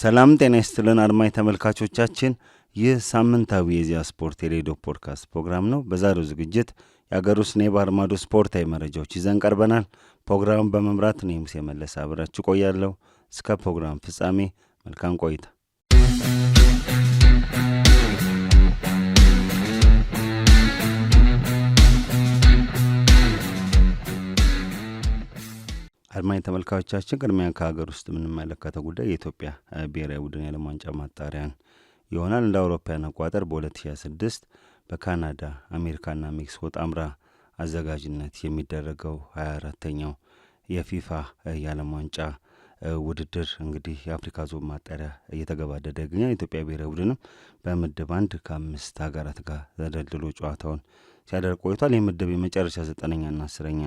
ሰላም ጤና ይስጥልን አድማጭ ተመልካቾቻችን፣ ይህ ሳምንታዊ የኢዜአ ስፖርት የሬዲዮ ፖድካስት ፕሮግራም ነው። በዛሬው ዝግጅት የአገር ውስጥና የባህር ማዶ ስፖርታዊ መረጃዎች ይዘን ቀርበናል። ፕሮግራሙን በመምራት እኔ ሙሴ መለሰ አብራችሁ ቆያለሁ። እስከ ፕሮግራም ፍጻሜ መልካም ቆይታ አድማኝ ተመልካዮቻችን ቅድሚያ ከሀገር ውስጥ የምንመለከተው ጉዳይ የኢትዮጵያ ብሔራዊ ቡድን የዓለም ዋንጫ ማጣሪያን ይሆናል። እንደ አውሮፓውያን አቆጣጠር በ2026 በካናዳ አሜሪካና ሜክሲኮ ጣምራ አዘጋጅነት የሚደረገው 24ተኛው የፊፋ የዓለም ዋንጫ ውድድር እንግዲህ የአፍሪካ ዞን ማጣሪያ እየተገባደደ ይገኛል። የኢትዮጵያ ብሔራዊ ቡድንም በምድብ አንድ ከአምስት ሀገራት ጋር ተደልድሎ ጨዋታውን ሲያደርግ ቆይቷል። የምድብ የመጨረሻ ዘጠነኛና አስረኛ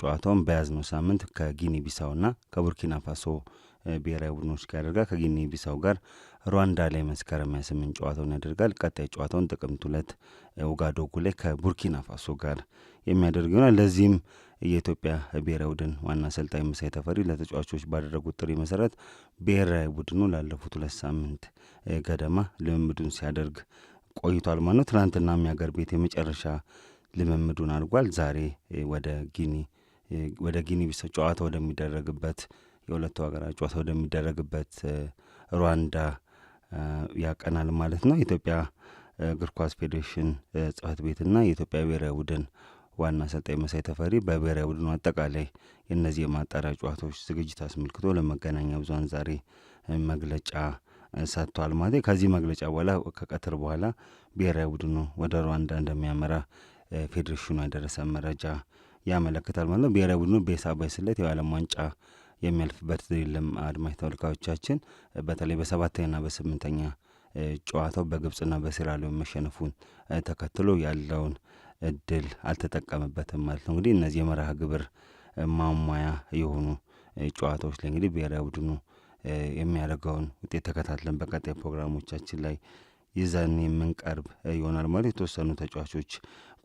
ጨዋታውን በያዝነው ሳምንት ከጊኒ ና ከቡርኪና ፋሶ ብሔራዊ ቡድኖች ጋር ያደርጋል። ከጊኒ ቢሳው ጋር ሩዋንዳ ላይ መስከረም 28 ጨዋታውን ያደርጋል። ቀጣይ ጨዋታውን ጥቅምት ሁለት ኡጋዶጉ ላይ ከቡርኪና ፋሶ ጋር የሚያደርግ ይሆናል። ለዚህም የኢትዮጵያ ብሔራዊ ቡድን ዋና አሰልጣኝ መሳይ ተፈሪ ለተጫዋቾች ባደረጉት ጥሪ መሰረት ብሔራዊ ቡድኑ ላለፉት ሁለት ሳምንት ገደማ ልምምዱን ሲያደርግ ቆይቷል ማለት ነው። ትናንትና የሚያገር ቤት የመጨረሻ ልምምዱን አድርጓል። ዛሬ ወደ ጊኒ ወደ ጊኒ ቢሳው ጨዋታ ወደሚደረግበት የሁለቱ ሀገራት ጨዋታ ወደሚደረግበት ሩዋንዳ ያቀናል ማለት ነው። የኢትዮጵያ እግር ኳስ ፌዴሬሽን ጽሕፈት ቤትና የኢትዮጵያ ብሔራዊ ቡድን ዋና አሰልጣኝ መሳይ ተፈሪ በብሔራዊ ቡድኑ አጠቃላይ የእነዚህ የማጣሪያ ጨዋታዎች ዝግጅት አስመልክቶ ለመገናኛ ብዙን ዛሬ መግለጫ ሰጥቷል ማለት ከዚህ መግለጫ በኋላ ከቀትር በኋላ ብሔራዊ ቡድኑ ወደ ሩዋንዳ እንደሚያመራ ፌዴሬሽኑ ያደረሰ መረጃ ያመለክታል ማለት ነው። ብሔራዊ ቡድኑ በሂሳባዊ ስሌት የዓለም ዋንጫ የሚያልፍበት ድልም አድማጭ ተወልቃዮቻችን በተለይ በሰባተኛና በስምንተኛ ጨዋታው በግብጽና በሴራሊዮን መሸነፉን ተከትሎ ያለውን እድል አልተጠቀምበትም ማለት ነው። እንግዲህ እነዚህ የመርሃ ግብር ማሟያ የሆኑ ጨዋታዎች ላይ እንግዲህ ብሔራዊ ቡድኑ የሚያደርገውን ውጤት ተከታትለን በቀጣይ ፕሮግራሞቻችን ላይ ይዘን የምንቀርብ ይሆናል ማለት የተወሰኑ ተጫዋቾች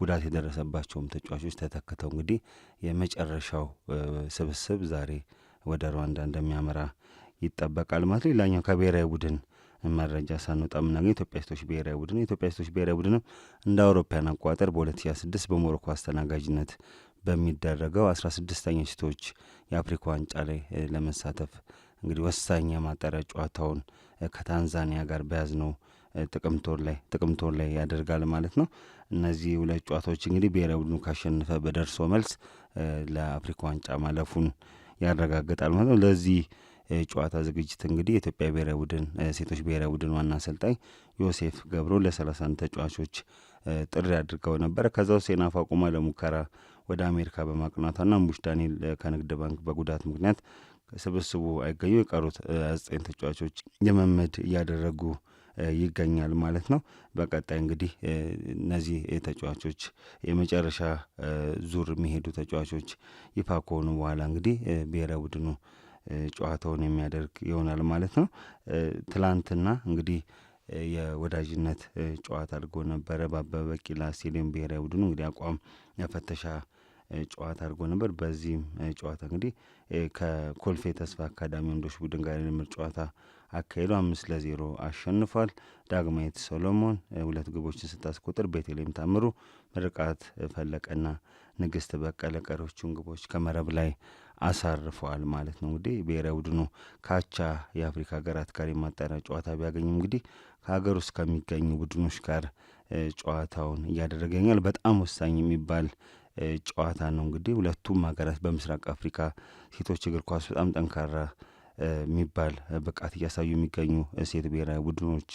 ጉዳት የደረሰባቸውም ተጫዋቾች ተተክተው እንግዲህ የመጨረሻው ስብስብ ዛሬ ወደ ሩዋንዳ እንደሚያመራ ይጠበቃል ማለት ሌላኛው ከብሔራዊ ቡድን መረጃ ሳንወጣ የምናገኘው ኢትዮጵያ ሴቶች ብሔራዊ ቡድን የኢትዮጵያ ሴቶች ብሔራዊ ቡድንም እንደ አውሮፓያን አቆጣጠር በ2026 በሞሮኮ አስተናጋጅነት በሚደረገው አስራ ስድስተኛ ሴቶች የአፍሪካ ዋንጫ ላይ ለመሳተፍ እንግዲህ ወሳኝ የማጣሪያ ጨዋታውን ከታንዛኒያ ጋር በያዝነው ጥቅምት ወር ላይ ጥቅምት ወር ላይ ያደርጋል ማለት ነው። እነዚህ ሁለት ጨዋታዎች እንግዲህ ብሔራዊ ቡድኑ ካሸነፈ በደርሶ መልስ ለአፍሪካ ዋንጫ ማለፉን ያረጋግጣል ማለት ነው። ለዚህ ጨዋታ ዝግጅት እንግዲህ የኢትዮጵያ ብሔራዊ ቡድን ሴቶች ብሔራዊ ቡድን ዋና አሰልጣኝ ዮሴፍ ገብሮ ለሰላሳ ተጫዋቾች ጥሪ አድርገው ነበረ። ከዛ ውስጥ ሴናፋ ለሙከራ ወደ አሜሪካ በማቅናቷና ሙሽ ዳንኤል ከንግድ ባንክ በጉዳት ምክንያት ስብስቡ አይገኙ የቀሩት ዘጠኝ ተጫዋቾች ልምምድ እያደረጉ ይገኛል ማለት ነው። በቀጣይ እንግዲህ እነዚህ ተጫዋቾች የመጨረሻ ዙር የሚሄዱ ተጫዋቾች ይፋ ከሆኑ በኋላ እንግዲህ ብሔራዊ ቡድኑ ጨዋታውን የሚያደርግ ይሆናል ማለት ነው። ትላንትና እንግዲህ የወዳጅነት ጨዋታ አድርጎ ነበረ በአበበ ቢቂላ ስቴዲየም ብሔራዊ ቡድኑ እንግዲህ አቋም መፈተሻ ጨዋታ አድርጎ ነበር። በዚህም ጨዋታ እንግዲህ ከኮልፌ ተስፋ አካዳሚ ወንዶች ቡድን ጋር የድምር ጨዋታ አካሄዱ አምስት ለዜሮ አሸንፏል። ዳግማዊት ሶሎሞን ሁለት ግቦችን ስታስቆጥር ቤተልሔም ታምሩ፣ ምርቃት ፈለቀና ንግስት በቀለ ቀሪዎቹን ግቦች ከመረብ ላይ አሳርፈዋል ማለት ነው። እንግዲህ ብሔራዊ ቡድኑ ካቻ የአፍሪካ ሀገራት ጋር የማጣሪያ ጨዋታ ቢያገኝም እንግዲህ ከሀገር ውስጥ ከሚገኙ ቡድኖች ጋር ጨዋታውን እያደረገ ይገኛል። በጣም ወሳኝ የሚባል ጨዋታ ነው። እንግዲህ ሁለቱም ሀገራት በምስራቅ አፍሪካ ሴቶች እግር ኳስ በጣም ጠንካራ የሚባል ብቃት እያሳዩ የሚገኙ ሴት ብሔራዊ ቡድኖች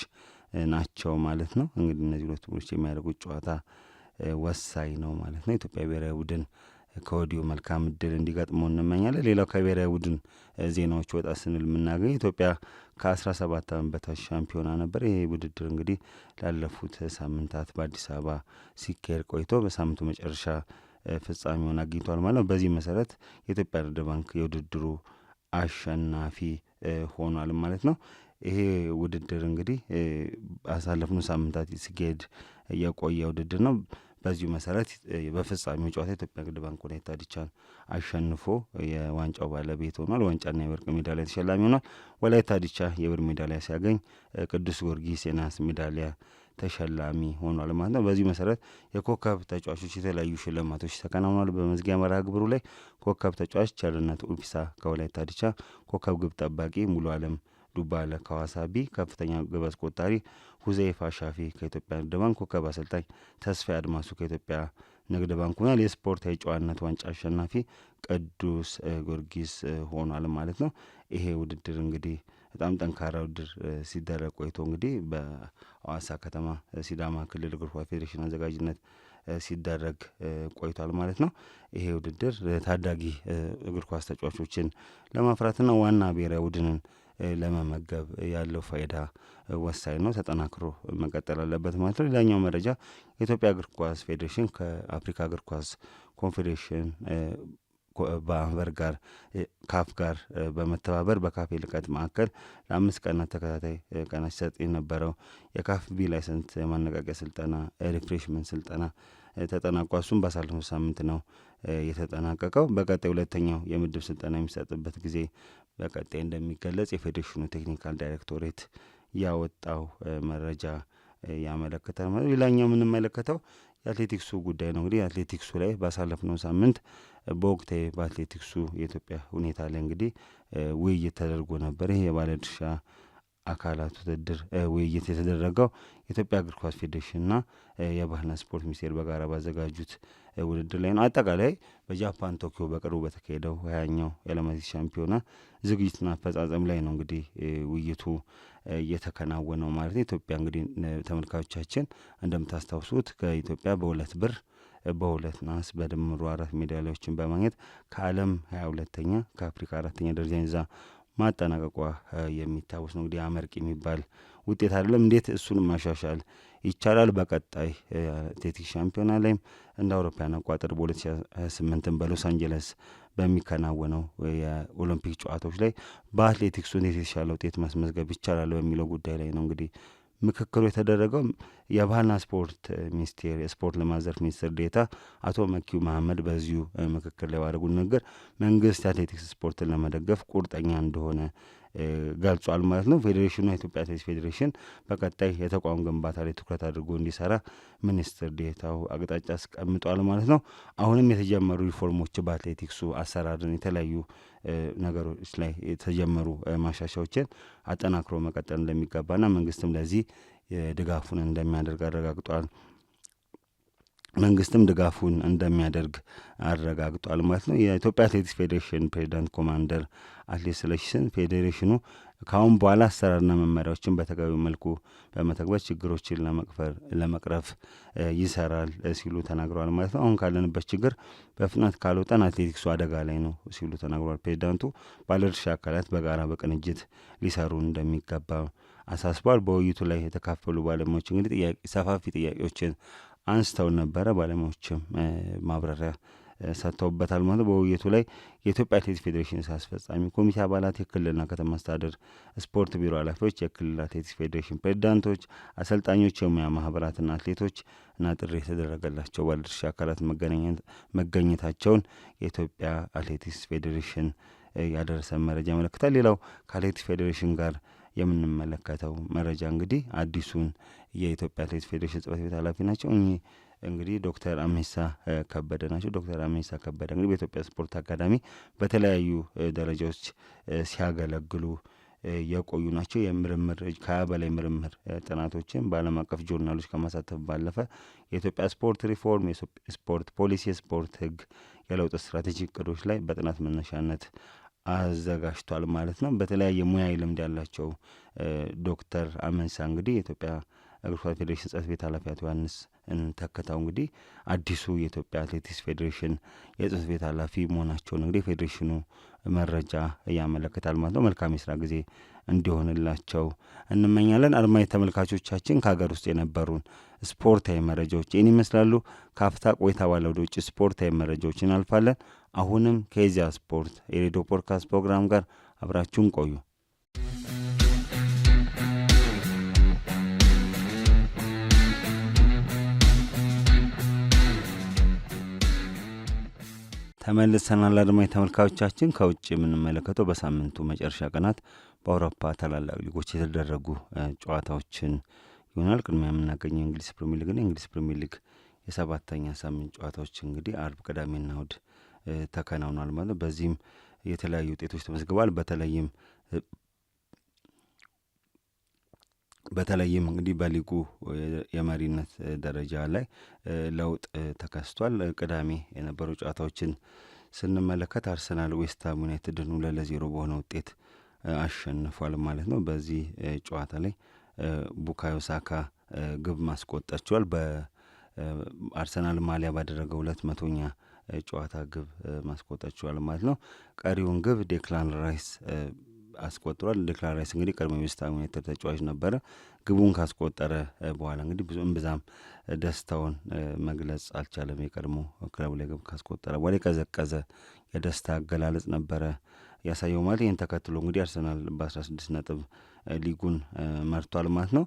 ናቸው ማለት ነው። እንግዲህ እነዚህ ሁለቱ ቡድኖች የሚያደርጉት ጨዋታ ወሳኝ ነው ማለት ነው። ኢትዮጵያ ብሔራዊ ቡድን ከወዲሁ መልካም እድል እንዲገጥመው እንመኛለን። ሌላው ከብሔራዊ ቡድን ዜናዎች ወጣ ስንል የምናገኝ ኢትዮጵያ ከአስራ ሰባት ዓመት በታች ሻምፒዮና ነበር። ይህ ውድድር እንግዲህ ላለፉት ሳምንታት በአዲስ አበባ ሲካሄድ ቆይቶ በሳምንቱ መጨረሻ ፍጻሜውን አግኝቷል ማለት ነው። በዚህ መሰረት የኢትዮጵያ ንግድ ባንክ የውድድሩ አሸናፊ ሆኗል ማለት ነው። ይሄ ውድድር እንግዲህ አሳለፍነው ሳምንታት ሲካሄድ የቆየ ውድድር ነው። በዚሁ መሰረት በፍጻሜው ጨዋታ የኢትዮጵያ ንግድ ባንክ ወላይታ ዲቻን አሸንፎ የዋንጫው ባለቤት ሆኗል። ዋንጫና የወርቅ ሜዳሊያ ተሸላሚ ሆኗል። ወላይታ ዲቻ የብር ሜዳሊያ ሲያገኝ፣ ቅዱስ ጊዮርጊስ የናስ ሜዳሊያ ተሸላሚ ሆኗል ማለት ነው። በዚህ መሰረት የኮከብ ተጫዋቾች የተለያዩ ሽልማቶች ተከናውኗል። በመዝጊያ መርሃ ግብሩ ላይ ኮከብ ተጫዋች ቸርነት ኡልፊሳ ከወላይታ ድቻ፣ ኮከብ ግብ ጠባቂ ሙሉ አለም ዱባለ ከዋሳቢ፣ ከፍተኛ ግብ አስቆጣሪ ሁዘይፋ ሻፊ ከኢትዮጵያ ንግድ ባንክ፣ ኮከብ አሰልጣኝ ተስፋ አድማሱ ከኢትዮጵያ ንግድ ባንክ ሆኗል። የስፖርት የጨዋነት ዋንጫ አሸናፊ ቅዱስ ጊዮርጊስ ሆኗል ማለት ነው። ይሄ ውድድር እንግዲህ በጣም ጠንካራ ውድድር ሲደረግ ቆይቶ እንግዲህ በአዋሳ ከተማ ሲዳማ ክልል እግር ኳስ ፌዴሬሽን አዘጋጅነት ሲደረግ ቆይቷል ማለት ነው። ይሄ ውድድር ታዳጊ እግር ኳስ ተጫዋቾችን ለማፍራትና ዋና ብሔራዊ ቡድንን ለመመገብ ያለው ፋይዳ ወሳኝ ነው፣ ተጠናክሮ መቀጠል አለበት ማለት ነው። ሌላኛው መረጃ የኢትዮጵያ እግር ኳስ ፌዴሬሽን ከአፍሪካ እግር ኳስ ኮንፌዴሬሽን ከማህበር ጋር ካፍ ጋር በመተባበር በካፍ ልቀት ማዕከል ለአምስት ቀናት ተከታታይ ቀናት ሲሰጥ የነበረው የካፍ ቢ ላይሰንስ የማነቃቂያ ስልጠና ሪፍሬሽመንት ስልጠና ተጠናቋል። እሱም ባሳለፍነው ሳምንት ነው የተጠናቀቀው። በቀጣይ ሁለተኛው የምድብ ስልጠና የሚሰጥበት ጊዜ በቀጣይ እንደሚገለጽ የፌዴሬሽኑ ቴክኒካል ዳይሬክቶሬት ያወጣው መረጃ ያመለክታል። ሌላኛው የምንመለከተው የአትሌቲክሱ ጉዳይ ነው። እንግዲህ አትሌቲክሱ ላይ ባሳለፍነው ሳምንት በወቅታዊ በአትሌቲክሱ የኢትዮጵያ ሁኔታ ላይ እንግዲህ ውይይት ተደርጎ ነበር። ይህ የባለድርሻ አካላት ውድድር ውይይት የተደረገው የኢትዮጵያ እግር ኳስ ፌዴሬሽንና የባህልና ስፖርት ሚኒስቴር በጋራ ባዘጋጁት ውድድር ላይ ነው። አጠቃላይ በጃፓን ቶኪዮ በቅርቡ በተካሄደው ሀያኛው የዓለም አትሌቲክስ ሻምፒዮና ዝግጅትና አፈጻጸም ላይ ነው እንግዲህ ውይይቱ እየተከናወነው ማለት ነው። ኢትዮጵያ እንግዲህ ተመልካቾቻችን እንደምታስታውሱት ከኢትዮጵያ በሁለት ብር በሁለት ናስ በድምሩ አራት ሜዳሊያዎችን በማግኘት ከዓለም ሀያ ሁለተኛ ከአፍሪካ አራተኛ ደረጃን ይዛ ማጠናቀቋ የሚታወስ ነው። እንግዲህ አመርቂ የሚባል ውጤት አይደለም። እንዴት እሱን ማሻሻል ይቻላል? በቀጣይ አትሌቲክስ ሻምፒዮና ላይም እንደ አውሮፓውያን አቆጣጠር በ2028 በሎስ አንጀለስ በሚከናወነው የኦሎምፒክ ጨዋታዎች ላይ በአትሌቲክሱ እንዴት የተሻለ ውጤት ማስመዝገብ ይቻላል በሚለው ጉዳይ ላይ ነው እንግዲህ ምክክሩ የተደረገው የባህልና ስፖርት ሚኒስቴር የስፖርት ልማት ዘርፍ ሚኒስትር ዴታ አቶ መኪው መሀመድ በዚሁ ምክክር ላይ ባደረጉ ንግግር መንግስት የአትሌቲክስ ስፖርትን ለመደገፍ ቁርጠኛ እንደሆነ ገልጿል ማለት ነው። ፌዴሬሽኑ የኢትዮጵያ አትሌቲክስ ፌዴሬሽን በቀጣይ የተቋም ግንባታ ላይ ትኩረት አድርጎ እንዲሰራ ሚኒስትር ዴታው አቅጣጫ አስቀምጧል ማለት ነው። አሁንም የተጀመሩ ሪፎርሞች በአትሌቲክሱ አሰራርን የተለያዩ ነገሮች ላይ የተጀመሩ ማሻሻዎችን አጠናክሮ መቀጠል እንደሚገባና መንግስትም ለዚህ ድጋፉን እንደሚያደርግ አረጋግጧል። መንግስትም ድጋፉን እንደሚያደርግ አረጋግጧል ማለት ነው። የኢትዮጵያ አትሌቲክስ ፌዴሬሽን ፕሬዚዳንት ኮማንደር አትሌት ስለሺ ፌዴሬሽኑ ከአሁን በኋላ አሰራርና መመሪያዎችን በተገቢ መልኩ በመተግበር ችግሮችን ለመቅረፍ ይሰራል ሲሉ ተናግረዋል ማለት ነው። አሁን ካለንበት ችግር በፍጥነት ካልወጣን አትሌቲክሱ አደጋ ላይ ነው ሲሉ ተናግረዋል። ፕሬዚዳንቱ ባለድርሻ አካላት በጋራ በቅንጅት ሊሰሩ እንደሚገባ አሳስቧል። በውይይቱ ላይ የተካፈሉ ባለሙያዎች እንግዲህ ሰፋፊ ጥያቄዎችን አንስተው ነበረ። ባለሙያዎችም ማብራሪያ ሰጥተውበታል ማለት በውይይቱ ላይ የኢትዮጵያ አትሌቲክስ ፌዴሬሽን ስራ አስፈጻሚ ኮሚቴ አባላት፣ የክልልና ከተማ አስተዳደር ስፖርት ቢሮ ኃላፊዎች፣ የክልል አትሌቲክስ ፌዴሬሽን ፕሬዚዳንቶች፣ አሰልጣኞች፣ የሙያ ማህበራትና አትሌቶች እና ጥሪ የተደረገላቸው ባለድርሻ አካላት መገኘታቸውን የኢትዮጵያ አትሌቲክስ ፌዴሬሽን ያደረሰን መረጃ ያመለክታል። ሌላው ከአትሌቲክስ ፌዴሬሽን ጋር የምንመለከተው መረጃ እንግዲህ አዲሱን የኢትዮጵያ አትሌት ፌዴሬሽን ጽሕፈት ቤት ኃላፊ ናቸው። እኚህ እንግዲህ ዶክተር አሜሳ ከበደ ናቸው። ዶክተር አሜሳ ከበደ እንግዲህ በኢትዮጵያ ስፖርት አካዳሚ በተለያዩ ደረጃዎች ሲያገለግሉ የቆዩ ናቸው። የምርምር ከሀያ በላይ ምርምር ጥናቶችን በዓለም አቀፍ ጆርናሎች ከማሳተፍ ባለፈ የኢትዮጵያ ስፖርት ሪፎርም፣ የስፖርት ፖሊሲ፣ የስፖርት ህግ፣ የለውጥ ስትራቴጂ እቅዶች ላይ በጥናት መነሻነት አዘጋጅቷል ማለት ነው። በተለያየ ሙያዊ ልምድ ያላቸው ዶክተር አመንሳ እንግዲህ የኢትዮጵያ እግር ኳስ ፌዴሬሽን ጽሕፈት ቤት ኃላፊ አቶ ዮሐንስ ተከታው እንግዲህ አዲሱ የኢትዮጵያ አትሌቲክስ ፌዴሬሽን የጽሕፈት ቤት ኃላፊ መሆናቸውን እንግዲህ ፌዴሬሽኑ መረጃ ያመለክታል ማለት ነው። መልካም የስራ ጊዜ እንዲሆንላቸው እንመኛለን። አድማጭ ተመልካቾቻችን ከሀገር ውስጥ የነበሩን ስፖርታዊ መረጃዎች ይህን ይመስላሉ። ከአፍታ ቆይታ ባለ ወደ ውጭ ስፖርታዊ መረጃዎች እናልፋለን። አሁንም ከኢዜአ ስፖርት የሬዲዮ ፖድካስት ፕሮግራም ጋር አብራችሁን ቆዩ። ተመልሰናል አድማጭ ተመልካቾቻችን። ከውጭ የምንመለከተው በሳምንቱ መጨረሻ ቀናት በአውሮፓ ታላላቅ ሊጎች የተደረጉ ጨዋታዎችን ይሆናል። ቅድሚያ የምናገኘው የእንግሊዝ ፕሪሚየር ሊግና የእንግሊዝ ፕሪሚየር ሊግ የሰባተኛ ሳምንት ጨዋታዎች እንግዲህ አርብ፣ ቅዳሜና እሁድ ተከናውኗል ማለት ነው። በዚህም የተለያዩ ውጤቶች ተመዝግበዋል። በተለይም በተለይም እንግዲህ በሊጉ የመሪነት ደረጃ ላይ ለውጥ ተከስቷል። ቅዳሜ የነበሩ ጨዋታዎችን ስንመለከት አርሰናል ዌስትሃም ዩናይትድን ሁለት ለዜሮ በሆነ ውጤት አሸንፏል ማለት ነው። በዚህ ጨዋታ ላይ ቡካዮ ሳካ ግብ ማስቆጠር ችሏል። በአርሰናል ማሊያ ባደረገው ሁለት መቶኛ ጨዋታ ግብ ማስቆጠር ችሏል ማለት ነው። ቀሪውን ግብ ዴክላን ራይስ አስቆጥሯል። ዴክላን ራይስ እንግዲህ ቀድሞ የዌስትሃም ዩናይትድ ተጫዋች ነበረ። ግቡን ካስቆጠረ በኋላ እንግዲህ ብዙ እምብዛም ደስታውን መግለጽ አልቻለም። የቀድሞ ክለቡ ላይ ግብ ካስቆጠረ በኋላ የቀዘቀዘ የደስታ አገላለጽ ነበረ ያሳየው ማለት። ይህን ተከትሎ እንግዲህ አርሰናል በአስራ ስድስት ነጥብ ሊጉን መርቷል ማለት ነው።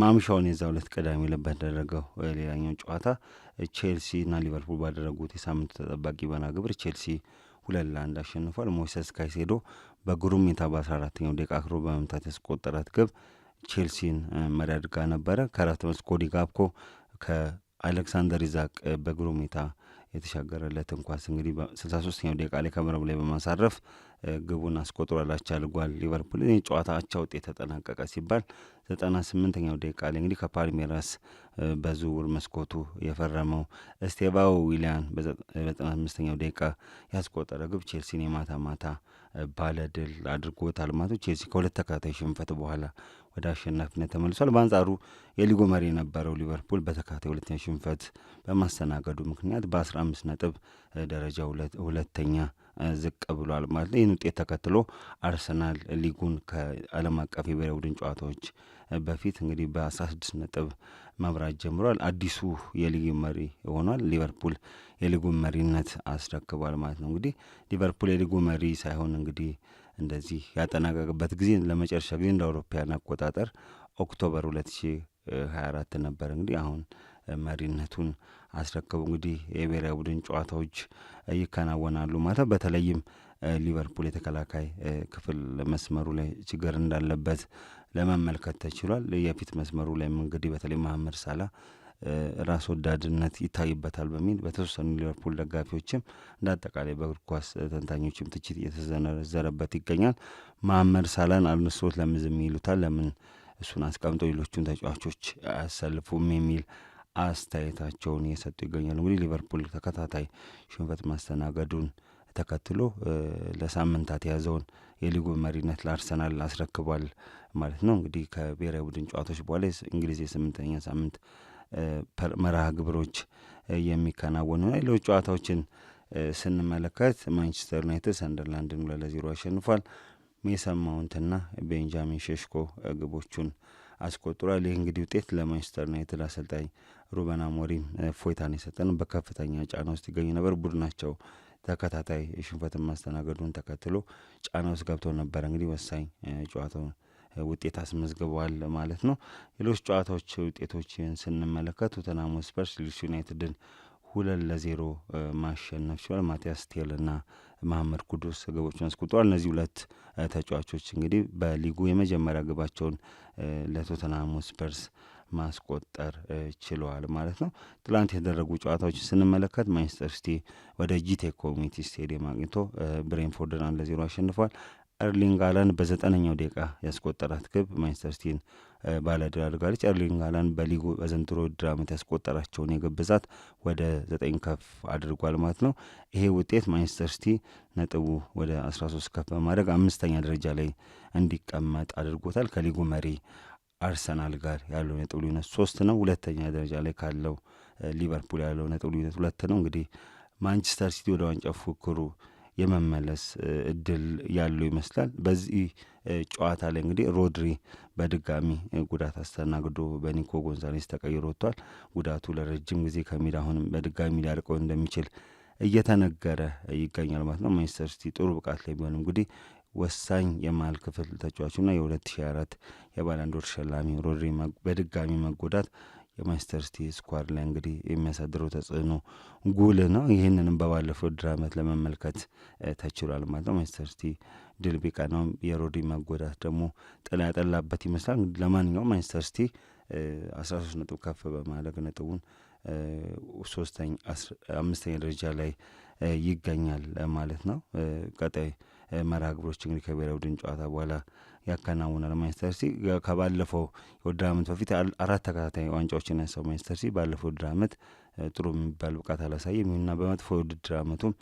ማምሻውን የዛ ሁለት ቅዳሜ ዕለት በተደረገው ሌላኛው ጨዋታ ቼልሲ ቼልሲና ሊቨርፑል ባደረጉት የሳምንቱ ተጠባቂ መርሃ ግብር ቼልሲ ሁለት ለአንድ አሸንፏል። ሞይሰስ ካይሴዶ በግሩም ሁኔታ በአስራ አራተኛው ደቂቃ አክሮ በመምታት ያስቆጠራት ግብ ቼልሲን መሪ አድርጋ ነበረ። ከአራት መስ ኮዲ ጋብኮ ከአሌክሳንደር ኢዛቅ በግሩም ሁኔታ የተሻገረለትን ኳስ እንግዲህ ስልሳ ሶስተኛው ደቂቃ ላይ ከመረብ ላይ በማሳረፍ ግቡን አስቆጥሮ አላቻልጓል። ሊቨርፑል ጨዋታ አቻ ውጤት ተጠናቀቀ ሲባል ዘጠና ስምንተኛው ደቂቃ ላይ እንግዲህ ከፓልሜራስ በዝውውር መስኮቱ የፈረመው ስቴቫው ዊሊያን በዘጠና አምስተኛው ደቂቃ ያስቆጠረ ግብ ቼልሲን የማታ ማታ ባለድል አድርጎታል። ማቶ ቼልሲ ከሁለት ተከታታይ ሽንፈት በኋላ ወደ አሸናፊነት ተመልሷል። በአንጻሩ የሊጎ መሪ የነበረው ሊቨርፑል በተከታታይ ሁለተኛ ሽንፈት በማስተናገዱ ምክንያት በአስራ አምስት ነጥብ ደረጃ ሁለተኛ ዝቅ ብሏል ማለት ነው። ይህን ውጤት ተከትሎ አርሰናል ሊጉን ከዓለም አቀፍ የብሔራዊ ቡድን ጨዋታዎች በፊት እንግዲህ በአስራ ስድስት ነጥብ መብራት ጀምሯል። አዲሱ የሊግ መሪ ሆኗል። ሊቨርፑል የሊጉን መሪነት አስረክቧል ማለት ነው። እንግዲህ ሊቨርፑል የሊጉ መሪ ሳይሆን እንግዲህ እንደዚህ ያጠናቀቅበት ጊዜ ለመጨረሻ ጊዜ እንደ አውሮፓያን አቆጣጠር ኦክቶበር ሁለት ሺ ሀያ አራት ነበር። እንግዲህ አሁን መሪነቱን አስረከቡ። እንግዲህ የብሔራዊ ቡድን ጨዋታዎች ይከናወናሉ ማለት በተለይም ሊቨርፑል የተከላካይ ክፍል መስመሩ ላይ ችግር እንዳለበት ለመመልከት ተችሏል። የፊት መስመሩ ላይም እንግዲህ በተለይ መሐመድ ሳላ ራስ ወዳድነት ይታይበታል በሚል በተወሰኑ ሊቨርፑል ደጋፊዎችም እንደ አጠቃላይ በእግር ኳስ ተንታኞችም ትችት እየተዘነዘረበት ይገኛል። መሐመድ ሳላን አልንስሮት ለምን ዝም ይሉታል? ለምን እሱን አስቀምጦ ሌሎቹን ተጫዋቾች አያሰልፉም? የሚል አስተያየታቸውን እየሰጡ ይገኛሉ። እንግዲህ ሊቨርፑል ተከታታይ ሽንፈት ማስተናገዱን ተከትሎ ለሳምንታት የያዘውን የሊጉ መሪነት ለአርሰናል አስረክቧል ማለት ነው። እንግዲህ ከብሔራዊ ቡድን ጨዋታዎች በኋላ እንግሊዝ የስምንተኛ ሳምንት መርሃ ግብሮች የሚከናወኑ ና ሌሎች ጨዋታዎችን ስንመለከት ማንቸስተር ዩናይትድ ሰንደርላንድን ሁለት ለዜሮ አሸንፏል። ሜሰን ማውንትና ቤንጃሚን ሸሽኮ ግቦቹን አስቆጥሯል። ይህ እንግዲህ ውጤት ለማንቸስተር ዩናይትድ አሰልጣኝ ሩበን አሞሪም እፎይታን የሰጠን፣ በከፍተኛ ጫና ውስጥ ይገኙ ነበር። ቡድናቸው ተከታታይ ሽንፈትን ማስተናገዱን ተከትሎ ጫና ውስጥ ገብተው ነበረ። እንግዲህ ወሳኝ ጨዋታውን ውጤት አስመዝግበዋል ማለት ነው። ሌሎች ጨዋታዎች ውጤቶችን ስንመለከት ቶተንሃም ስፐርስ ሊድስ ዩናይትድን ሁለት ለዜሮ ማሸነፍ ችሏል። ማቲያስ ቴል ቴልና መሐመድ ኩዱስ ግቦችን አስቆጥሯል። እነዚህ ሁለት ተጫዋቾች እንግዲህ በሊጉ የመጀመሪያ ግባቸውን ለቶተናም ስፐርስ ማስቆጠር ችለዋል ማለት ነው። ትላንት የተደረጉ ጨዋታዎችን ስንመለከት ማንቸስተር ሲቲ ወደ ጂቴ ኮሚኒቲ ስቴዲየም አግኝቶ ብሬንፎርድን አንድ ለዜሮ አሸንፏል። ኤርሊንግ ሃላንድ በዘጠነኛው ደቂቃ ያስቆጠራት ግብ ማንቸስተር ሲቲን ባለድል አድርጋለች። ኤርሊንግ ሃላንድ በሊጉ በዘንድሮ ውድድር ዓመት ያስቆጠራቸውን የግብ ብዛት ወደ ዘጠኝ ከፍ አድርጓል ማለት ነው። ይሄ ውጤት ማንቸስተር ሲቲ ነጥቡ ወደ አስራ ሶስት ከፍ በማድረግ አምስተኛ ደረጃ ላይ እንዲቀመጥ አድርጎታል። ከሊጉ መሪ አርሰናል ጋር ያለው ነጥብ ልዩነት ሶስት ነው። ሁለተኛ ደረጃ ላይ ካለው ሊቨርፑል ያለው ነጥብ ልዩነት ሁለት ነው። እንግዲህ ማንቸስተር ሲቲ ወደ ዋንጫ ፉክክሩ የመመለስ እድል ያለው ይመስላል። በዚህ ጨዋታ ላይ እንግዲህ ሮድሪ በድጋሚ ጉዳት አስተናግዶ በኒኮ ጎንዛሌስ ተቀይሮ ወጥቷል። ጉዳቱ ለረጅም ጊዜ ከሜዳ አሁንም በድጋሚ ሊያርቀው እንደሚችል እየተነገረ ይገኛል ማለት ነው። ማንቸስተር ሲቲ ጥሩ ብቃት ላይ ቢሆንም እንግዲህ ወሳኝ የመሀል ክፍል ተጫዋቹና የ2024 የባላንዶር ተሸላሚ ሮድሪ በድጋሚ መጎዳት የማንቸስተር ሲቲ ስኳድ ላይ እንግዲህ የሚያሳድረው ተጽዕኖ ጉል ነው። ይህንንም በባለፈው ድር ዓመት ለመመልከት ተችሏል ማለት ነው። ማንቸስተር ሲቲ ድል ቢቀናውም የሮዲ መጎዳት ደግሞ ጥላ ያጠላበት ይመስላል። ለማንኛውም ማንቸስተር ሲቲ አስራ ሶስት ነጥብ ከፍ በማድረግ ነጥቡን ሶስተኛ አምስተኛ ደረጃ ላይ ይገኛል ማለት ነው ቀጣይ መርሃ ግብሮች እንግዲህ ከብሔራዊ ቡድን ጨዋታ በኋላ ያከናውናል። ማንቸስተር ሲቲ ከባለፈው የውድድር ዓመት በፊት አራት ተከታታይ ዋንጫዎችን ያነሳው ማንቸስተር ሲቲ ባለፈው ውድድር ዓመት ጥሩ የሚባል ብቃት አላሳየም። ይሁንና በመጥፎ የውድድር ዓመቱም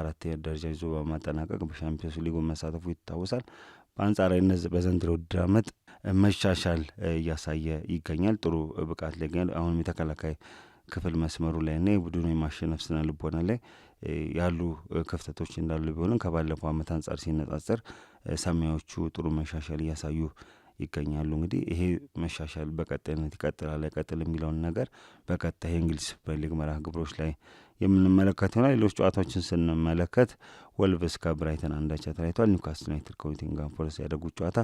አራተኛ ደረጃ ይዞ በማጠናቀቅ በሻምፒዮንስ ሊጉ መሳተፉ ይታወሳል። በአንጻራዊነት በዘንድሮ ውድድር ዓመት መሻሻል እያሳየ ይገኛል። ጥሩ ብቃት ላይ ይገኛል። አሁንም የተከላካይ ክፍል መስመሩ ላይ እና የቡድኑ የማሸነፍ ስነ ልቦና ላይ ያሉ ክፍተቶች እንዳሉ ቢሆንም ከባለፈው ዓመት አንጻር ሲነጻጸር ሰማያዎቹ ጥሩ መሻሻል እያሳዩ ይገኛሉ። እንግዲህ ይሄ መሻሻል በቀጣይነት ይቀጥላል አይቀጥል የሚለውን ነገር በቀጣይ የእንግሊዝ በሊግ ሊግ መርሃ ግብሮች ላይ የምንመለከት ይሆናል። ሌሎች ጨዋታዎችን ስንመለከት ወልቭስ ከብራይተን አንዳቻ ተለያይቷል። ኒውካስትል ዩናይትድ ከኖቲንግሃም ፎረስት ያደረጉት ጨዋታ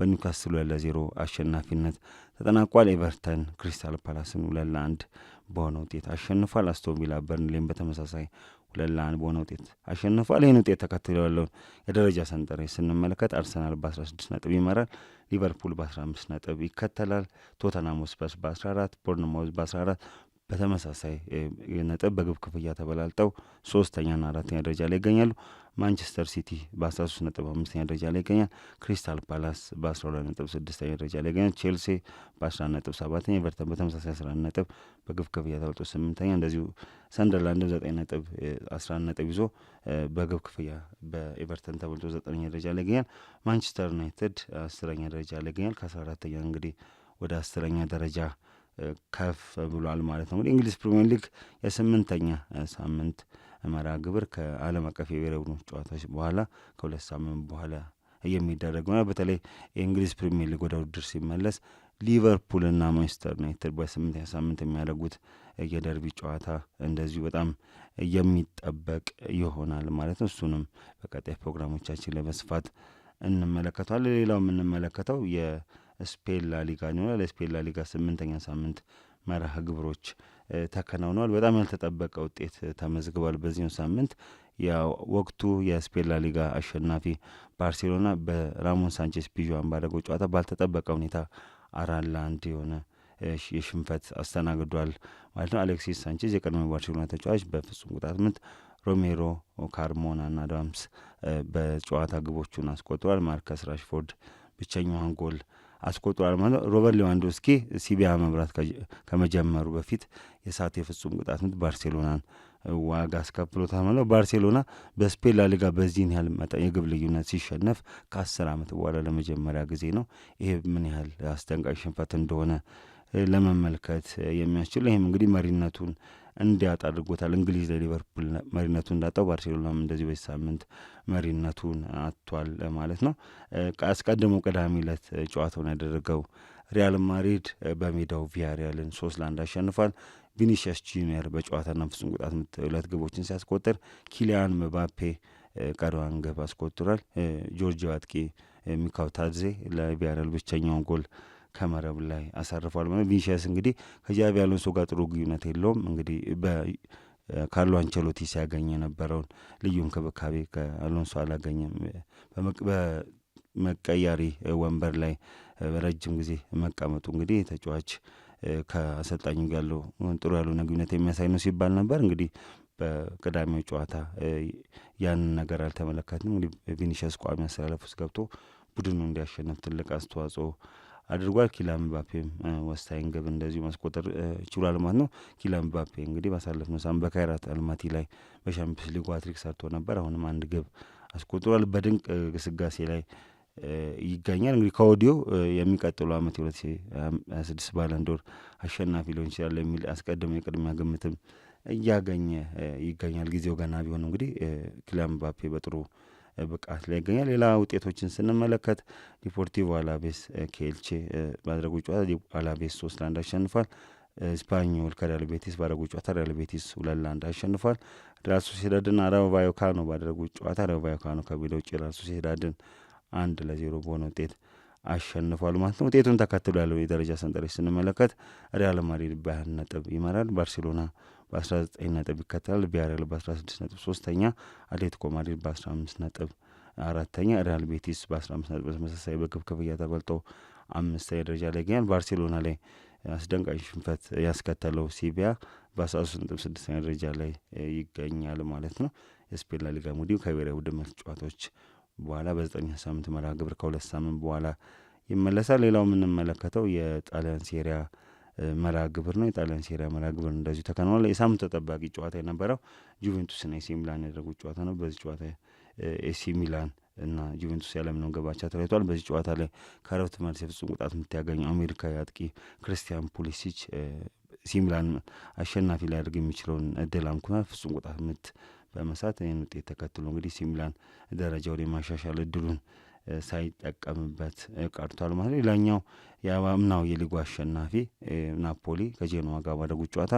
በኒውካስትል ሁለት ለዜሮ አሸናፊነት ተጠናቋል። ኤቨርተን ክሪስታል ፓላስን ሁለት ለአንድ በሆነ ውጤት አሸንፏል። አስቶን ቪላ በርንሌን በተመሳሳይ ሁለት ለአንድ በሆነ ውጤት አሸንፏል። ይህን ውጤት ተከትሎ ያለውን የደረጃ ሰንጠረዥ ስንመለከት አርሰናል በ16 ነጥብ ይመራል። ሊቨርፑል በ15 ነጥብ ይከተላል። ቶተናም ስፐርስ በ14፣ ቦርንማውዝ በ14፣ በተመሳሳይ ነጥብ በግብ ክፍያ ተበላልጠው ሶስተኛና አራተኛ ደረጃ ላይ ይገኛሉ። ማንቸስተር ሲቲ በአስራ ሶስት ነጥብ አምስተኛ ደረጃ ላይ ይገኛል። ክሪስታል ፓላስ በአስራ ሁለት ነጥብ ስድስተኛ ደረጃ ላይ ይገኛል። ቼልሲ በ አንድ ነጥብ ሰባተኛ፣ ኤቨርተን በተመሳሳይ አስራ አንድ ነጥብ በግብ ክፍያ ተበልጦ ስምንተኛ፣ እንደዚሁ ሰንደርላንድም ዘጠኝ ነጥብ አስራ አንድ ነጥብ ይዞ በግብ ክፍያ በኤቨርተን ተበልጦ ዘጠነኛ ደረጃ ላይ ይገኛል። ማንቸስተር ዩናይትድ አስረኛ ደረጃ ላይ ይገኛል። ከ 14 አራተኛ እንግዲህ ወደ አስረኛ ደረጃ ከፍ ብሏል ማለት ነው። እንግዲህ እንግሊዝ ፕሪሚየር ሊግ የስምንተኛ ሳምንት መርሃ ግብር ከዓለም አቀፍ የብሔራዊ ቡድኖች ጨዋታዎች በኋላ ከሁለት ሳምንት በኋላ የሚደረግ ነው። በተለይ የእንግሊዝ ፕሪሚየር ሊግ ወደ ውድድር ሲመለስ ሊቨርፑልና ማንቸስተር ዩናይትድ በስምንተኛ ሳምንት የሚያደርጉት የደርቢ ጨዋታ እንደዚሁ በጣም የሚጠበቅ ይሆናል ማለት ነው። እሱንም በቀጣይ ፕሮግራሞቻችን ላይ በስፋት እንመለከተዋለን። ሌላው የምንመለከተው ስፔን ላሊጋ ይሆናል። የስፔን ላሊጋ ስምንተኛ ሳምንት መርሃ ግብሮች ተከናውነዋል። በጣም ያልተጠበቀ ውጤት ተመዝግቧል። በዚሁ ሳምንት የወቅቱ የስፔን ላሊጋ አሸናፊ ባርሴሎና በራሞን ሳንቼስ ፒዥን ባደረገው ጨዋታ ባልተጠበቀ ሁኔታ አራት ለአንድ የሆነ የሽንፈት አስተናግዷል ማለት ነው። አሌክሲስ ሳንቼዝ የቀድሞ ባርሴሎና ተጫዋች በፍጹም ቅጣት ምት ሮሜሮ ካርሞና ና ዳምስ በጨዋታ ግቦቹን አስቆጥሯል። ማርከስ ራሽፎርድ ብቸኛዋን ጎል አስቆጥሯል ማለት ነው። ሮበርት ሌዋንዶስኪ ሲቢያ መምራት ከመጀመሩ በፊት የሳት የፍጹም ቅጣት ምት ባርሴሎናን ዋጋ አስከፍሎታል ማለት ነው። ባርሴሎና በስፔን ላሊጋ በዚህን ያህል መጠን የግብ ልዩነት ሲሸነፍ ከአስር ዓመት በኋላ ለመጀመሪያ ጊዜ ነው። ይሄ ምን ያህል አስደንጋጭ ሽንፈት እንደሆነ ለመመልከት የሚያስችል ይህም እንግዲህ መሪነቱን እንዲያጣ አድርጎታል። እንግሊዝ ለሊቨርፑል መሪነቱ እንዳጣው ባርሴሎናም እንደዚህ በዚህ ሳምንት መሪነቱን አጥቷል ማለት ነው። አስቀድሞ ቅዳሜ ዕለት ጨዋታውን ያደረገው ሪያል ማድሪድ በሜዳው ቪያሪያልን ሶስት ለአንድ አሸንፏል። ቪኒሽስ ጁኒየር በጨዋታና ፍጹም ቅጣት ምት ሁለት ግቦችን ሲያስቆጥር ኪሊያን መባፔ ቀሪዋን ግብ አስቆጥሯል። ጆርጂያዊ አጥቂ ሚካው ታድዜ ለቪያሪያል ብቸኛውን ጎል ከመረብ ላይ አሳርፏል። ማለት ቪኒሺየስ እንግዲህ ከጃቢ አሎንሶ ጋር ጥሩ ግንኙነት የለውም። እንግዲህ በ ካርሎ አንቸሎቲ ሲያገኝ የነበረውን ልዩ እንክብካቤ ከአሎንሶ አላገኘም። በመቀያሪ ወንበር ላይ በረጅም ጊዜ መቀመጡ እንግዲህ ተጫዋች ከአሰልጣኙ ጋር ያለው ጥሩ ያሉ ነግነት የሚያሳይ ነው ሲባል ነበር። እንግዲህ በቅዳሜው ጨዋታ ያንን ነገር አልተመለከትንም። እንግዲህ ቪኒሽስ ቋሚ አሰላለፍ ውስጥ ገብቶ ቡድኑ እንዲያሸንፍ ትልቅ አስተዋጽኦ አድርጓል። ኪሊያን ባፔም ወሳኝ ግብ እንደዚሁ ማስቆጠር ችሏል ማለት ነው። ኪሊያን ባፔ እንግዲህ ባሳለፍነው ሳምንት በካይራት አልማቲ ላይ በሻምፒዮንስ ሊጉ አትሪክ ሰርቶ ነበር። አሁንም አንድ ግብ አስቆጥሯል። በድንቅ ግስጋሴ ላይ ይገኛል። እንግዲህ ከወዲሁ የሚቀጥለው ዓመት የሁለት ሺህ ሀያ ስድስት ባለንዶር አሸናፊ ሊሆን ይችላል የሚል አስቀድሞ የቅድሚያ ግምትም እያገኘ ይገኛል። ጊዜው ገና ቢሆን እንግዲህ ኪሊያን ባፔ በጥሩ ብቃት ላይ ይገኛል። ሌላ ውጤቶችን ስንመለከት ዲፖርቲቮ አላቤስ ከኤልቼ ባደረጉ ጨዋታ አላቤስ ሶስት ለአንድ አሸንፏል። ስፓኞል ከሪያል ቤቲስ ባደረጉ ጨዋታ ሪያል ቤቲስ ሁለት ለአንድ አሸንፏል። ሪያል ሶሴዳድና ራዮ ቫዮካኖ ባደረጉ ጨዋታ ራዮ ቫዮካኖ ከሜዳ ውጭ ሪያል ሶሲዳድን አንድ ለዜሮ በሆነ ውጤት አሸንፏል ማለት ነው። ውጤቱን ተከትሎ ያለው የደረጃ ሰንጠረዥ ስንመለከት ሪያል ማድሪድ በያህል ነጥብ ይመራል። ባርሴሎና በ19 ነጥብ ይከተላል። ቪያሪያል በ16 ነጥብ ሶስተኛ፣ አትሌቲኮ ማድሪድ በ15 ነጥብ አራተኛ፣ ሪያል ቤቲስ በ15 ነጥብ በተመሳሳይ በግብ ክፍያ ተበልጦ አምስተኛ ደረጃ ላይ ይገኛል። ባርሴሎና ላይ አስደንጋጭ ሽንፈት ያስከተለው ሲቪያ በ13 ነጥብ ስድስተኛ ደረጃ ላይ ይገኛል ማለት ነው። የስፔን ላሊጋ እንግዲህ ከብሔራዊ ቡድን መልስ ጨዋታዎች በኋላ በዘጠኝ ሳምንት መርሃ ግብር ከሁለት ሳምንት በኋላ ይመለሳል። ሌላው የምንመለከተው የጣሊያን ሴሪያ መርሃ ግብር ነው። የጣሊያን ሴሪያ መርሃ ግብር እንደዚሁ ተከናውኗል። የሳምንት ተጠባቂ ጨዋታ የነበረው ጁቬንቱስና ኤሲ ሚላን ያደረጉት ጨዋታ ነው። በዚህ ጨዋታ ኤሲ ሚላን እና ጁቬንቱስ ያለምንም ግብ አቻ ተለያይቷል። በዚህ ጨዋታ ላይ ከረፍት መልስ የፍጹም ቅጣት ምት ያገኘው አሜሪካዊ አጥቂ ክርስቲያን ፑሊሲች ኤሲ ሚላን አሸናፊ ሊያደርግ የሚችለውን እድል አምክኗል። ፍጹም ቅጣት ምት በመሳት ይህን ውጤት ተከትሎ እንግዲህ ኤሲ ሚላን ደረጃውን የማሻሻል እድሉን ሳይጠቀምበት ቀርቷል ማለት ነው። ሌላኛው የአምናው የሊጉ አሸናፊ ናፖሊ ከጄኖዋ ጋር ባደረጉት ጨዋታ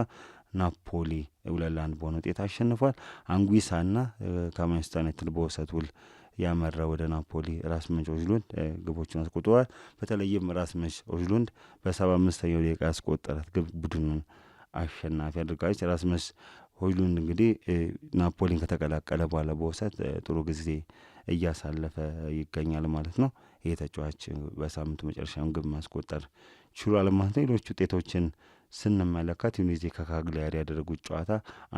ናፖሊ ሁለት ለአንድ በሆነ ውጤት አሸንፏል። አንጉሳና ከማንቸስተር ዩናይትድ በውሰት ውል ያመራ ወደ ናፖሊ ራስ ራስመንጭ ኦጅሉንድ ግቦችን አስቆጥሯል። በተለይም ራስ ራስመንጭ ኦጅሉንድ በሰባ አምስተኛው ደቂቃ ያስቆጠራት ግብ ቡድኑን አሸናፊ አድርጋለች። ራስመንጭ ሆይሉንድ እንግዲህ ናፖሊን ከተቀላቀለ በኋላ በውሰት ጥሩ ጊዜ እያሳለፈ ይገኛል ማለት ነው። ይህ ተጫዋች በሳምንቱ መጨረሻም ግብ ማስቆጠር ችሏል ማለት ነው። ሌሎች ውጤቶችን ስንመለከት ዩኒዜ ከካግሊያሪ ያደረጉት ጨዋታ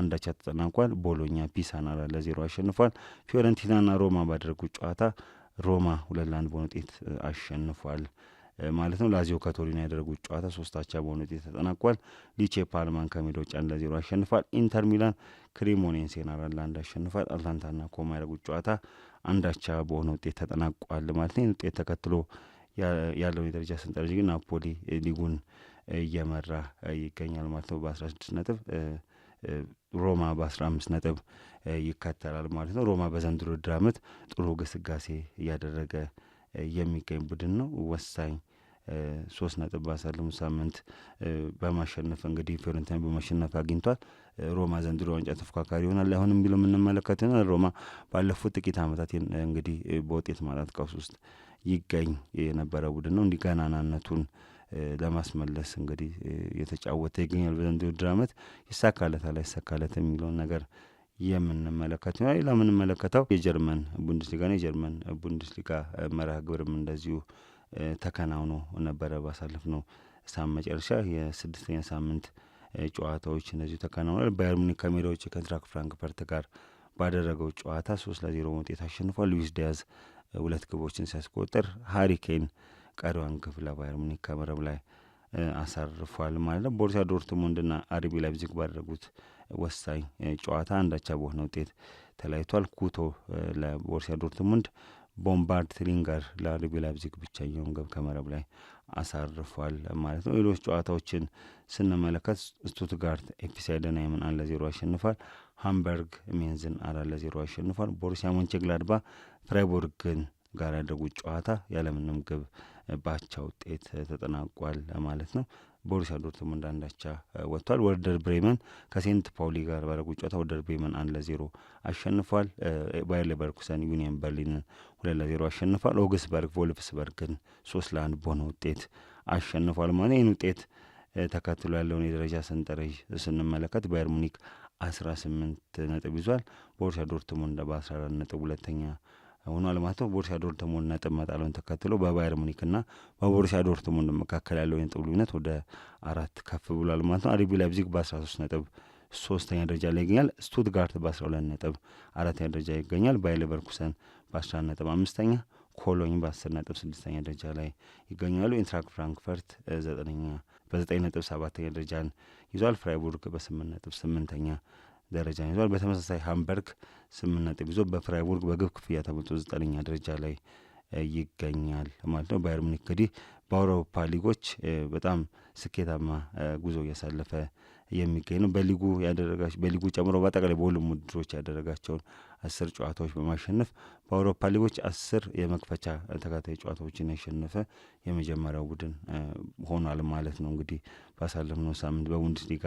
አንዳቻ ተጠናቋል። ቦሎኛ ፒሳና ለዜሮ አሸንፏል። ፊዮረንቲናና ሮማ ባደረጉት ጨዋታ ሮማ ሁለት ለአንድ በሆነ ውጤት አሸንፏል። ማለት ነው። ላዚዮ ከቶሪኖ ያደረጉት ጨዋታ ሶስታቻ አቻ በሆነ ውጤት ተጠናቋል። ሊቼ ፓልማን ከሜዳው ውጭ አንድ ለዜሮ አሸንፏል። ኢንተር ሚላን ክሬሞኔንሴን አራት ለአንድ አሸንፏል። አትላንታና ኮማ ያደረጉት ጨዋታ አንዳቻ በሆነ ውጤት ተጠናቋል ማለት ነው። ይህን ውጤት ተከትሎ ያለውን የደረጃ ሰንጠረዥ ግን ናፖሊ ሊጉን እየመራ ይገኛል ማለት ነው በአስራ ስድስት ነጥብ ሮማ በአስራ አምስት ነጥብ ይከተላል ማለት ነው። ሮማ በዘንድሮ ውድድር ዓመት ጥሩ ግስጋሴ እያደረገ የሚገኝ ቡድን ነው። ወሳኝ ሶስት ነጥብ ባሳለፉት ሳምንት በማሸነፍ እንግዲህ ፊዮረንቲናን በማሸነፍ አግኝቷል። ሮማ ዘንድሮ ዋንጫ ተፎካካሪ ይሆናል አሁንም ቢሎ የምንመለከት ይሆናል። ሮማ ባለፉት ጥቂት ዓመታት እንግዲህ በውጤት ማጣት ቀውስ ውስጥ ይገኝ የነበረ ቡድን ነው። እንዲህ ገናናነቱን ለማስመለስ እንግዲህ የተጫወተ ይገኛል። በዘንድሮ ውድድር ዓመት ይሳካለታል አይሳካለት የሚለውን ነገር የምንመለከት ነው። ሌላ የምንመለከተው የጀርመን ቡንደስሊጋ ነው። የጀርመን ቡንደስሊጋ መርሃ ግብርም እንደዚሁ ተከናውኖ ነበረ። ነው ሳምንት መጨረሻ የስድስተኛ ሳምንት ጨዋታዎች እነዚሁ ተከናውኗል። ባየር ሙኒክ ከሜዳዎች ከንትራክ ፍራንክፈርት ጋር ባደረገው ጨዋታ ሶስት ለዜሮ ውጤት አሸንፏል። ሉዊስ ዲያዝ ሁለት ግቦችን ሲያስቆጥር ሀሪኬን ቀሪዋን ግብ ለባየር ሙኒክ ከመረብ ላይ አሳርፏል ማለት ነው። ቦሩሲያ ዶርትሙንድና አርቢ ላይፕዚግ ባደረጉት ወሳኝ ጨዋታ አንዳቻ በሆነ ውጤት ተለያይቷል። ኩቶ ለቦሩሲያ ዶርትሙንድ ቦምባርድ ትሪንገር ለአርቢ ላይፕዚግ ብቸኛውን ግብ ከመረብ ላይ አሳርፏል ማለት ነው። ሌሎች ጨዋታዎችን ስንመለከት ስቱትጋርት ኤፒሳይደን አይምን አለ ዜሮ አሸንፏል። ሃምበርግ ሜንዝን አራት ለዜሮ አሸንፏል። ቦሩሲያ ሞንቼግላድባ ፍራይቡርግን ጋር ያደረጉት ጨዋታ ያለምንም ግብ ባቻ ውጤት ተጠናቋል ማለት ነው። ቦሩሲያ ዶርትሙንድ አንዳቻ ወጥቷል። ወርደር ብሬመን ከሴንት ፓውሊ ጋር ባደረጉ ጨዋታ ወርደር ብሬመን አንድ ለዜሮ አሸንፏል። ባየር ሌቨርኩሰን ዩኒየን በርሊንን ሁለት ለዜሮ አሸንፏል። ኦግስበርግ ቮልፍስበርግን ሶስት ለአንድ በሆነ ውጤት አሸንፏል። ማለት ይህን ውጤት ተከትሎ ያለውን የደረጃ ሰንጠረዥ ስንመለከት ባየር ሙኒክ አስራ ስምንት ነጥብ ይዟል። ቦሩሲያ ዶርትሙንድ በአስራ አራት ነጥብ ሁለተኛ ሆኗል ማለት ነው። ቦሩሲያ ዶርትሙንድና ነጥብ መጣለውን ተከትሎ በባየር ሙኒክና በቦሩሲያ ዶርትሙንድ መካከል ያለው የነጥብ ልዩነት ወደ አራት ከፍ ብሏል ማለት ነው። አሪቢ ላይፕዚግ በአስራ ሶስት ነጥብ ሶስተኛ ደረጃ ላይ ይገኛል። ስቱትጋርት በአስራ ሁለት ነጥብ አራተኛ ደረጃ ይገኛል። ባየር ሌቨርኩሰን በአስራ አንድ ነጥብ አምስተኛ ኮሎኝ በአስር ነጥብ ስድስተኛ ደረጃ ላይ ይገኛሉ። ኢንትራክት ፍራንክፈርት ዘጠነኛ በዘጠኝ ነጥብ ሰባተኛ ደረጃን ይዟል። ፍራይቡርግ በስምንት ነጥብ ስምንተኛ ደረጃን ይዟል። በተመሳሳይ ሃምበርግ ስምንት ነጥብ ይዞ በፍራይቡርግ በግብ ክፍያ ተበልጦ ዘጠነኛ ደረጃ ላይ ይገኛል ማለት ነው። ባየር ሙኒክ እንግዲህ በአውሮፓ ሊጎች በጣም ስኬታማ ጉዞ እያሳለፈ የሚገኝ ነው። በሊጉ ያደረጋቸው በሊጉ ጨምሮ በአጠቃላይ በሁሉም ውድድሮች ያደረጋቸውን አስር ጨዋታዎች በማሸነፍ በአውሮፓ ሊጎች አስር የመክፈቻ ተከታታይ ጨዋታዎችን ያሸነፈ የመጀመሪያው ቡድን ሆኗል ማለት ነው። እንግዲህ ባሳለፍነው ሳምንት ሊጋ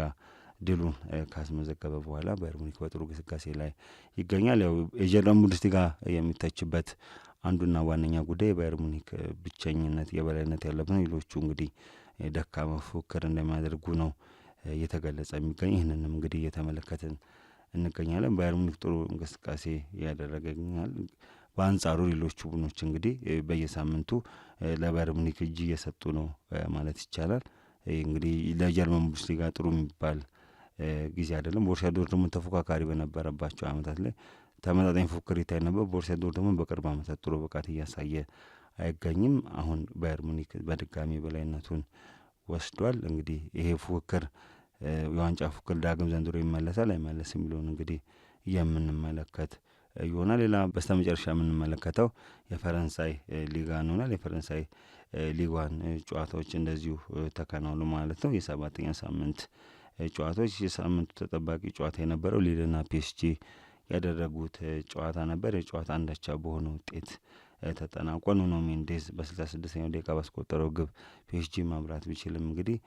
ድሉን ካስመዘገበ በኋላ ባየር ሙኒክ በጥሩ ግስጋሴ ላይ ይገኛል። ያው የጀርመን ቡንደስሊጋ የሚተችበት አንዱና ዋነኛ ጉዳይ የባየር ሙኒክ ብቸኝነት የበላይነት ያለብን ሌሎቹ እንግዲህ ደካማ ፉክክር እንደሚያደርጉ ነው እየተገለጸ የሚገኝ ይህንንም እንግዲህ እየተመለከትን እንገኛለን። ባየር ሙኒክ ጥሩ እንቅስቃሴ እያደረገ ይገኛል። በአንጻሩ ሌሎቹ ቡድኖች እንግዲህ በየሳምንቱ ለባየር ሙኒክ እጅ እየሰጡ ነው ማለት ይቻላል። እንግዲህ ለጀርመን ቡንደስሊጋ ጥሩ የሚባል ጊዜ አይደለም። ቦርሲያ ዶርትሙንድ ተፎካካሪ በነበረባቸው አመታት ላይ ተመጣጣኝ ፉክክር ይታይ ነበር። ቦርሲያ ዶርትሙንድ በቅርብ አመታት ጥሩ ብቃት እያሳየ አይገኝም። አሁን ባየር ሙኒክ በድጋሚ በላይነቱን ወስዷል። እንግዲህ ይሄ ፉክክር የዋንጫ ፉክክር ዳግም ዘንድሮ ይመለሳል አይመለስ የሚለውን እንግዲህ የምንመለከት ይሆናል። ሌላ በስተ መጨረሻ የምንመለከተው የፈረንሳይ ሊጋን ይሆናል። የፈረንሳይ ሊጓን ጨዋታዎች እንደዚሁ ተከናውሉ ማለት ነው የሰባተኛ ሳምንት ጨዋታዎች የሳምንቱ ተጠባቂ ጨዋታ የነበረው ሊልና ፒኤስጂ ያደረጉት ጨዋታ ነበር። የጨዋታ አንዳቻ በሆነ ውጤት ተጠናቋል። ኑኖ ሜንዴዝ በስልሳ ስድስተኛው ደቂቃ ባስቆጠረው ግብ ፒኤስጂ ማምራት ቢችልም እንግዲህ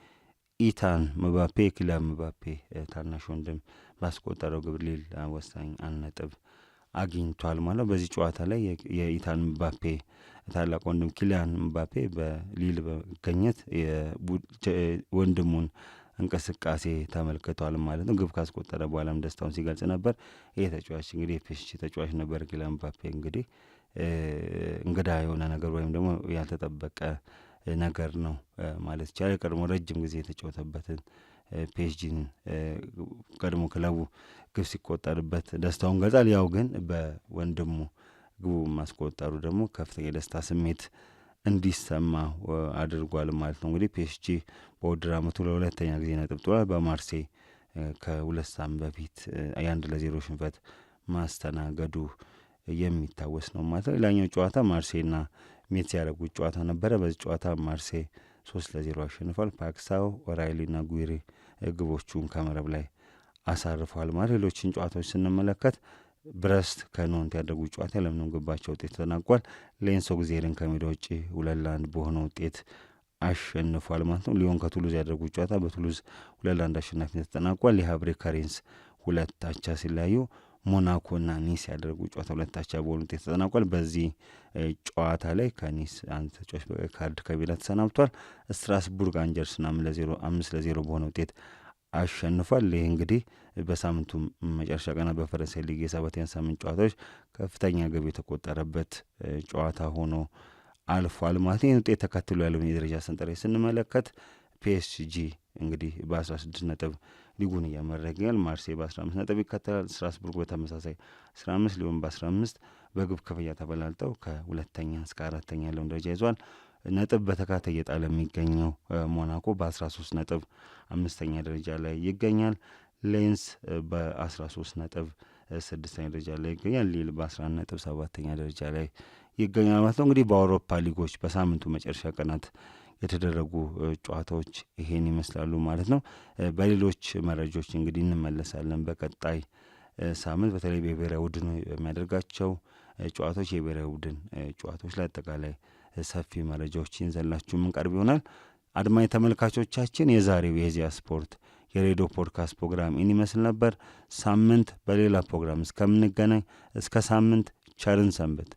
ኢታን ምባፔ የኪሊያን ምባፔ ታናሽ ወንድም ባስቆጠረው ግብ ሊል ወሳኝ አንድ ነጥብ አግኝቷል ማለት። በዚህ ጨዋታ ላይ የኢታን ምባፔ ታላቅ ወንድም ኪሊያን ምባፔ በሊል በመገኘት ወንድሙን እንቅስቃሴ ተመልክቷል ማለት ነው። ግብ ካስቆጠረ በኋላም ደስታውን ሲገልጽ ነበር። ይህ ተጫዋች እንግዲህ የፒኤስጂ ተጫዋች ነበር። ኪሊያን ምባፔ እንግዲህ እንግዳ የሆነ ነገር ወይም ደግሞ ያልተጠበቀ ነገር ነው ማለት ይቻላል። ቀድሞ ረጅም ጊዜ የተጫወተበትን ፒኤስጂን ቀድሞ ክለቡ ግብ ሲቆጠርበት ደስታውን ገልጻል። ያው ግን በወንድሙ ግቡ ማስቆጠሩ ደግሞ ከፍተኛ የደስታ ስሜት እንዲሰማ አድርጓል ማለት ነው። እንግዲህ ፒኤስጂ በውድድር አመቱ ለሁለተኛ ጊዜ ነጥብ ጥሏል። በማርሴይ ከሁለት ሳምንት በፊት የአንድ ለዜሮ ሽንፈት ማስተናገዱ የሚታወስ ነው ማለት ነው። ሌላኛው ጨዋታ ማርሴይና ሜት ያደረጉት ጨዋታ ነበረ። በዚህ ጨዋታ ማርሴይ ሶስት ለዜሮ አሸንፏል። ፓክሳው ራይሊና ጉሬ ግቦቹን ከመረብ ላይ አሳርፏል ማለት ሌሎችን ጨዋታዎች ስንመለከት ብረስት ከኖንት ያደጉት ጨዋታ ለምንም ግባቸው ውጤት ተጠናቋል። ሌንሶ ጊዜርን ከሜዳ ውጭ ሁለት ለአንድ በሆነ ውጤት አሸንፏል ማለት ነው። ሊዮን ከቱሉዝ ያደርጉት ጨዋታ በቱሉዝ ሁለት ለአንድ አሸናፊነት ተጠናቋል። የሀብሬ ካሬንስ ሁለት አቻ ሲለያዩ ሞናኮና ኒስ ያደረጉ ጨዋታ ሁለት አቻ በሆኑ ውጤት ተጠናቋል። በዚህ ጨዋታ ላይ ከኒስ አንድ ተጫዋች በቀይ ካርድ ከሜዳ ተሰናብቷል። ስትራስቡርግ አንጀርስን አምስት ለዜሮ በሆነ ውጤት አሸንፏል። ይህ እንግዲህ በሳምንቱ መጨረሻ ቀናት በፈረንሳይ ሊግ የሰባተኛ ሳምንት ጨዋታዎች ከፍተኛ ግብ የተቆጠረበት ጨዋታ ሆኖ አልፏል ማለት ነው። ይህን ውጤት ተከትሎ ያለውን የደረጃ ሰንጠረዥ ስንመለከት ፒኤስጂ እንግዲህ በ16 ነጥብ ሊጉን እያመራ ይገኛል። ማርሴይ በ15 ነጥብ ይከተላል። ስትራስቡርግ በተመሳሳይ 15፣ ሊዮን በ15 በግብ ክፍያ ተበላልጠው ከሁለተኛ እስከ አራተኛ ያለውን ደረጃ ይዟል። ነጥብ በተካታይ እየጣለ የሚገኘው ሞናኮ በ13 ነጥብ አምስተኛ ደረጃ ላይ ይገኛል። ሌንስ በ13 ነጥብ ስድስተኛ ደረጃ ላይ ይገኛል። ሊል በ11 ነጥብ ሰባተኛ ደረጃ ላይ ይገኛል ማለት ነው። እንግዲህ በአውሮፓ ሊጎች በሳምንቱ መጨረሻ ቀናት የተደረጉ ጨዋታዎች ይሄን ይመስላሉ ማለት ነው። በሌሎች መረጃዎች እንግዲህ እንመለሳለን በቀጣይ ሳምንት በተለይ በብሔራዊ ቡድን የሚያደርጋቸው ጨዋታዎች የብሔራዊ ቡድን ጨዋታዎች ላይ አጠቃላይ ሰፊ መረጃዎች ይንዘላችሁ ምንቀርብ ይሆናል። አድማኝ ተመልካቾቻችን የዛሬው የኢዜአ ስፖርት የሬዲዮ ፖድካስት ፕሮግራም ይህን ይመስል ነበር። ሳምንት በሌላ ፕሮግራም እስከምንገናኝ እስከ ሳምንት ቸርን ሰንብት።